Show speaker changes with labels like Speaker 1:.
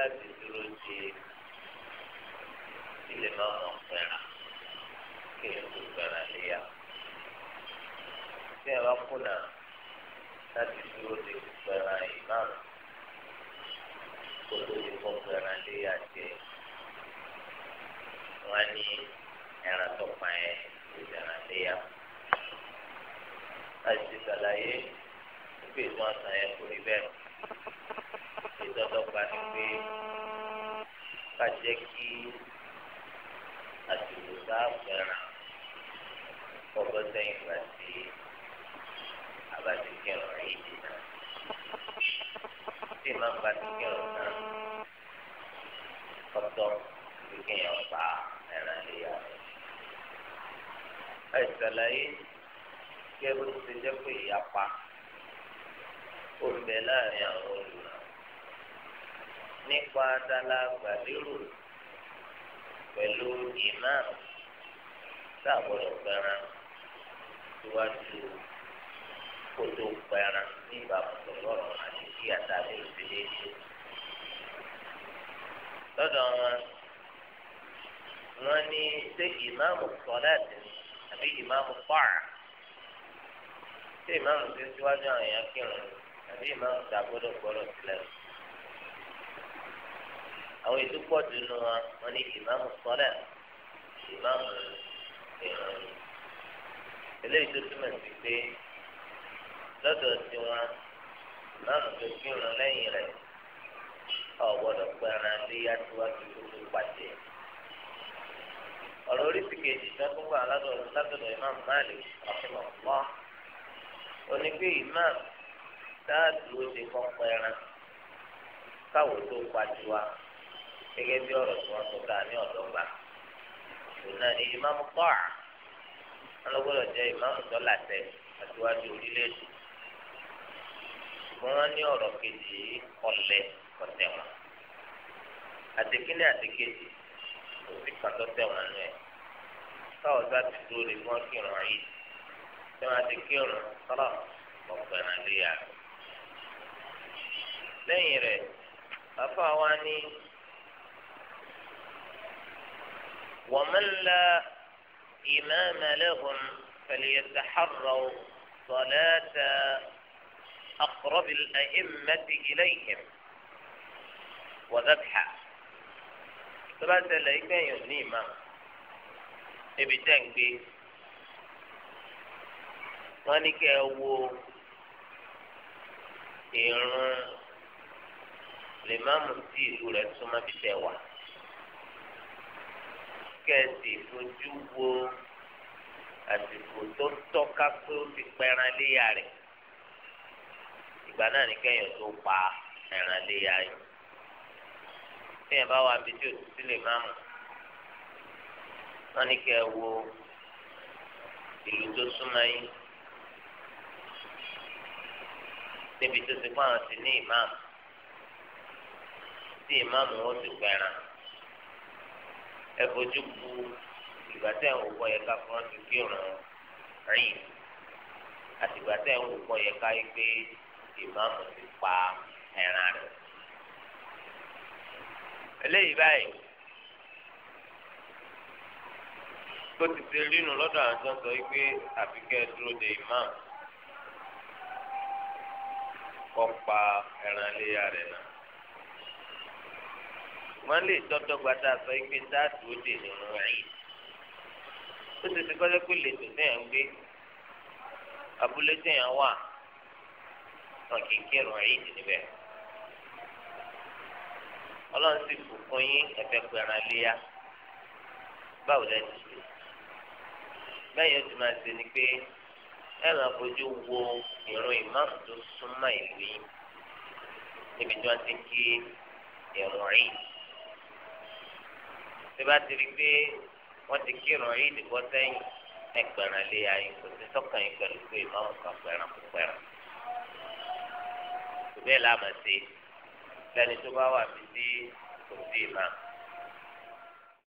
Speaker 1: láti dúró ṣe ilé máa mọ̀ pẹ́ra kí ló tó gbára léyà. Tí ẹ bá kùnà láti dúró ṣe pẹ́ra ìmáàmù kó tó lè kọ́ pẹ́ra léyà jẹ. Wọ́n á ní ẹran tó pa ẹ́ ìjàrá léyà. Láti ṣàlàyé pé ìtàn àtàn yẹn kò rí bẹ́ẹ̀. Ìtọ́jọ́ pa ni pé jẹ́ kí àjòjò bá fẹ́ràn kọ́kọ́ sẹ́yìn gbà sí abàtìkẹ́ ọ̀rẹ́ yìí náà. Tí màá bá ti kẹ́rọ̀ náà, kọ́tọ́ ti kéèyàn pa ẹ̀ràn léyà rẹ̀. Àìsàlàyé kẹ́rù ti jẹ́ pé ìyapa ó ń láàrin àwọn nípa dala gbàlérò pẹ̀lú imam sáàbọ̀lọ̀ gbẹran síwájú kótó gbẹran ní ìbámu pẹ̀lú ọ̀rọ̀ àti kí àtàlẹ́ òṣèlú ṣe. lọ́dọ̀ wọn wọn ní ṣé ìmáàmù sọ̀láàtì àbí ìmáàmù fáà ṣé ìmáàmù tó síwájú àwọn èèyàn kírun àbí ìmáàmù tó agbọ́dọ̀ gbọ́dọ̀ sílẹ̀. àwọn ètò pọ̀ jù nù wọn wọn ní ìmáàmù sọ́lẹ̀ ìmáàmù ìrọ̀rùn eh, eléyìí tó túmọ̀ sí pé lọ́dọ̀ tí wọn ìmáàmù tó kírun lẹ́yìn rẹ̀ ọ̀gbọ́dọ̀ pẹ̀ràn léyà tó wá tó tó pàṣẹ. ọ̀rọ̀ oríṣi kejì tó ń gbà látọ̀dọ̀ látọ̀dọ̀ ìmáàmù Malik be onígbé ìmáàmù táàdù ó ti kọ́ pẹ̀ràn káwọ́ tó pàṣẹ gẹ́gẹ́ bí ọ̀rọ̀ tí wọ́n tún ká ní ọ̀dọ́gba ìṣúná ni ìmáàmù kọ́à wọn lọ gbọ́dọ̀ jẹ́ ìmáàmù tó làtẹ àtiwájú orílẹ̀-èdè ṣùgbọ́n wọ́n ní ọ̀rọ̀ kejì ọ̀lẹ́ ọ̀tẹ̀ wọn àtẹkínní àtẹkejì òfin kan tó tẹ̀ wọn lẹ́ káwọn bá ti dúró lè wọ́n kírun ayé tí wọ́n ti kírun sọ́lá ọ̀gbẹ̀rún léyà lẹ́yìn rẹ̀ bàbá wa ní. ومن لا إمام لهم فليتحروا صلاة أقرب الأئمة إليهم وذبحا صلاة الأئمة يهنيما ابتنك وانك أو إيران لما مرتيه ولا تسمى بشيء واحد kẹ́sì fojú wo àsìkò tó tọ́ka pé ó ti pẹran léyà rẹ̀ ìgbà náà ní kẹ́yìn tó pa ẹran léyà yìí kẹ́yìn bá wà bíi tí o ti sílẹ̀ máa mú wọ́n ní kẹ́ wo ìlú tó súnmọ́ yín níbi tó ti kọ́ àwọn ti ní ìmáàmù tí ìmáàmù ó ti pẹran ẹ fojú ku ìgbà tẹ̀ ń wọ yẹ ká fún ọtí kírun rìn àtìgbà tẹ̀ ń wọ yẹ ká yí pé ìmáàmù ti pa ẹran rẹ̀. eléyìí báyìí tó ti ṣe rínu lọ́dọ̀ àwọn tó ń sọ wípé àfikẹ́ dúró de ìmáàmù kọ́ pa ẹran léyà rẹ̀ náà wọn lè tọ́tọ́ gbàtà sọ pé dáàtì ó dè nínú ẹ̀yìn ó ti ti kọ́jọ́ pé lè tètè yẹn gbé abúlé téèyàn wà wọn kì í kírun ẹ̀yìn níbẹ̀ ọlọ́run sì bùkún yín ẹ̀fẹ́ pẹ̀ràn léyà báwo lẹ́nu bẹ́ẹ̀ yóò ti máa ṣe ni pé ẹ máa fojú wo ìrun ìmáàmù tó súnmọ́ ìlú yìí níbi tí wọ́n ti kí ìrun ẹ̀yìn tẹ́bá ti rí i pé wọ́n ti kírun yìí dìbọ́ sẹ́yìn ẹgbẹ̀rún lé ayé kò sí sọ́kàn yìí pẹ̀lú pé ìmáàmù kan pẹ̀ràn kò pẹ̀ràn. ìbẹ́ẹ̀ láàmú sí lẹ́ni tó bá wà bí sí kò sí ìmáàmù.